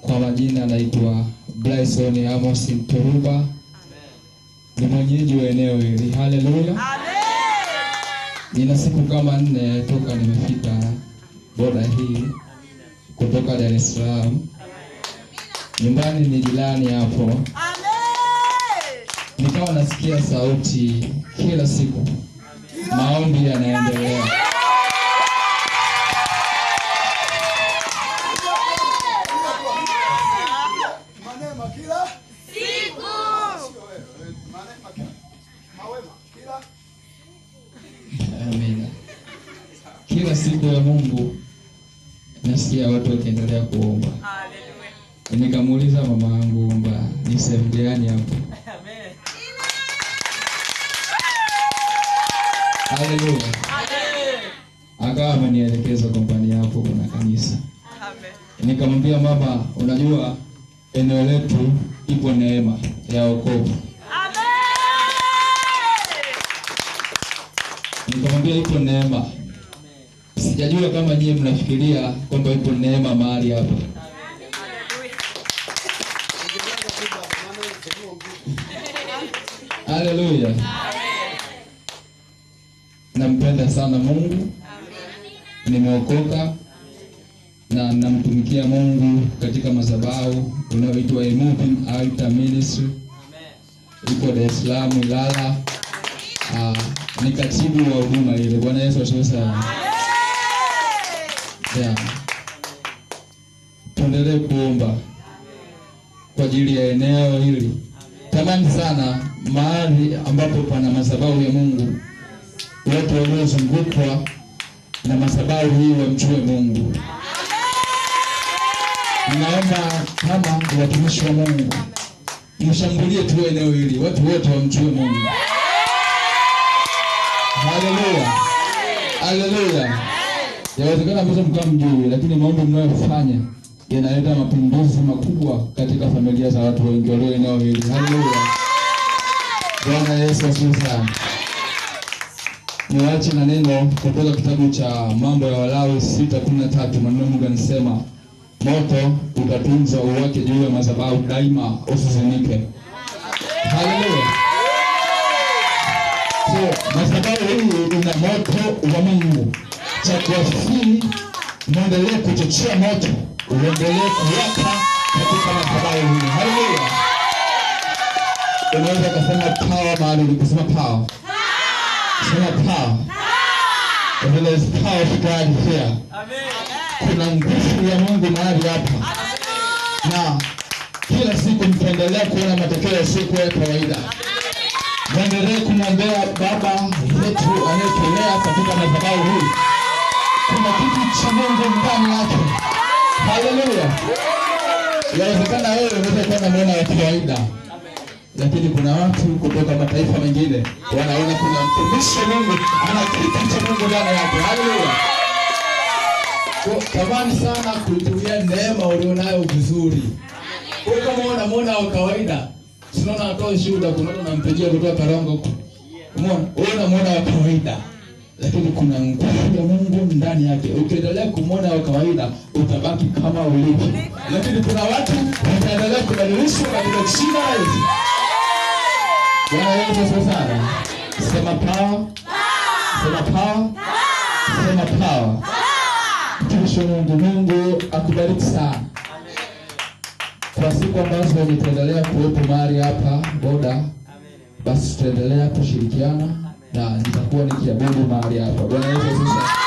Kwa majina naitwa Bryson Amos Mturuba, ni mwenyeji wa eneo hili. Haleluya! Nina siku kama nne toka nimefika boda hii kutoka Dar es Salaam. Nyumbani ni jirani hapo, nikawa nasikia sauti kila siku, maombi yanaendelea siku ya Mungu nasikia watu wakiendelea kuomba. Haleluya. Nikamuuliza mama yangu omba ni sehemu gani hapo? Amen. Haleluya. Akawa amenielekeza kompani yako kuna kanisa. Amen. Nikamwambia mama, unajua eneo letu ipo neema ya wokovu. Amen. Nikamwambia ipo neema Sijajua kama nyie mnafikiria kwamba ipo neema mahali hapa. Haleluya. Nampenda sana Mungu, nimeokoka na namtumikia Mungu katika madhabahu unaoitwa Moving Ministry iko Dar lala Salaam Ilala. Uh, ni katibu wa huduma ile. Bwana Yesu asiwe sana. Yeah. Tuendelee kuomba kwa ajili ya eneo hili. Tamani sana mahali ambapo pana masababu ya Mungu, wote waliozungukwa na masababu hii wamjue Mungu. Naomba kama watumishi wa Mungu mshambulie tu eneo hili, watu wote wamchue Mungu. Haleluya, haleluya. Yawezekana vyote mkaa mjui, lakini maombi mnayofanya yanaleta mapinduzi makubwa katika familia za watu wengi walio eneo hili. Haleluya! Bwana Yesu asifiwe sana. Niwaache na neno kutoka kitabu cha Mambo ya Walawi 6:13. Maneno Mungu anasema moto utatunza uwake juu ya madhabahu daima, usizimike. Haleluya! So madhabahu hii ina moto wa Mungu cha kiasili unaendelea kuchochea moto, uendelee kuwaka katika madhabahu hii. Haleluya! Unaweza kusema power mahali uliposema power, sema power. There is power of God here. Kuna nguvu ya Mungu mahali hapa, na kila siku mtaendelea kuona matokeo yasiyokuwa ya kawaida. Mwendelee kumwombea baba yetu anayetulea katika madhabahu hii kuna kitu cha Mungu ndani yake. Haleluya! Yawezekana wewe unaweza kuwa unaona ya kawaida, lakini kuna watu kutoka mataifa mengine wanaona kuna mtumishi Mungu ana kitu cha Mungu ndani yake. Haleluya! Tamani sana kuitumia neema ulionayo vizuri. Kwa kama unamwona wa kawaida, sinaona atoe shuhuda, kuna mtu anampigia kutoka Karongo huko. Umeona? Wewe unamwona wa kawaida, lakini kuna nguvu ya Mungu ndani yake. Ukiendelea kumwona wa kawaida, utabaki kama ulivyo, lakini kuna watu wataendelea kubadilishwa katika jina la Yesu. Bwana Yesu asifiwe sana. Sema power, sema power, sema power. Mtumishi wa Mungu, Mungu akubariki sana kwa siku ambazo nitaendelea kuwepo mahali hapa boda, basi tutaendelea kushirikiana na nitakuwa nikiabudu mahali hapa. Bwana Yesu asifiwe.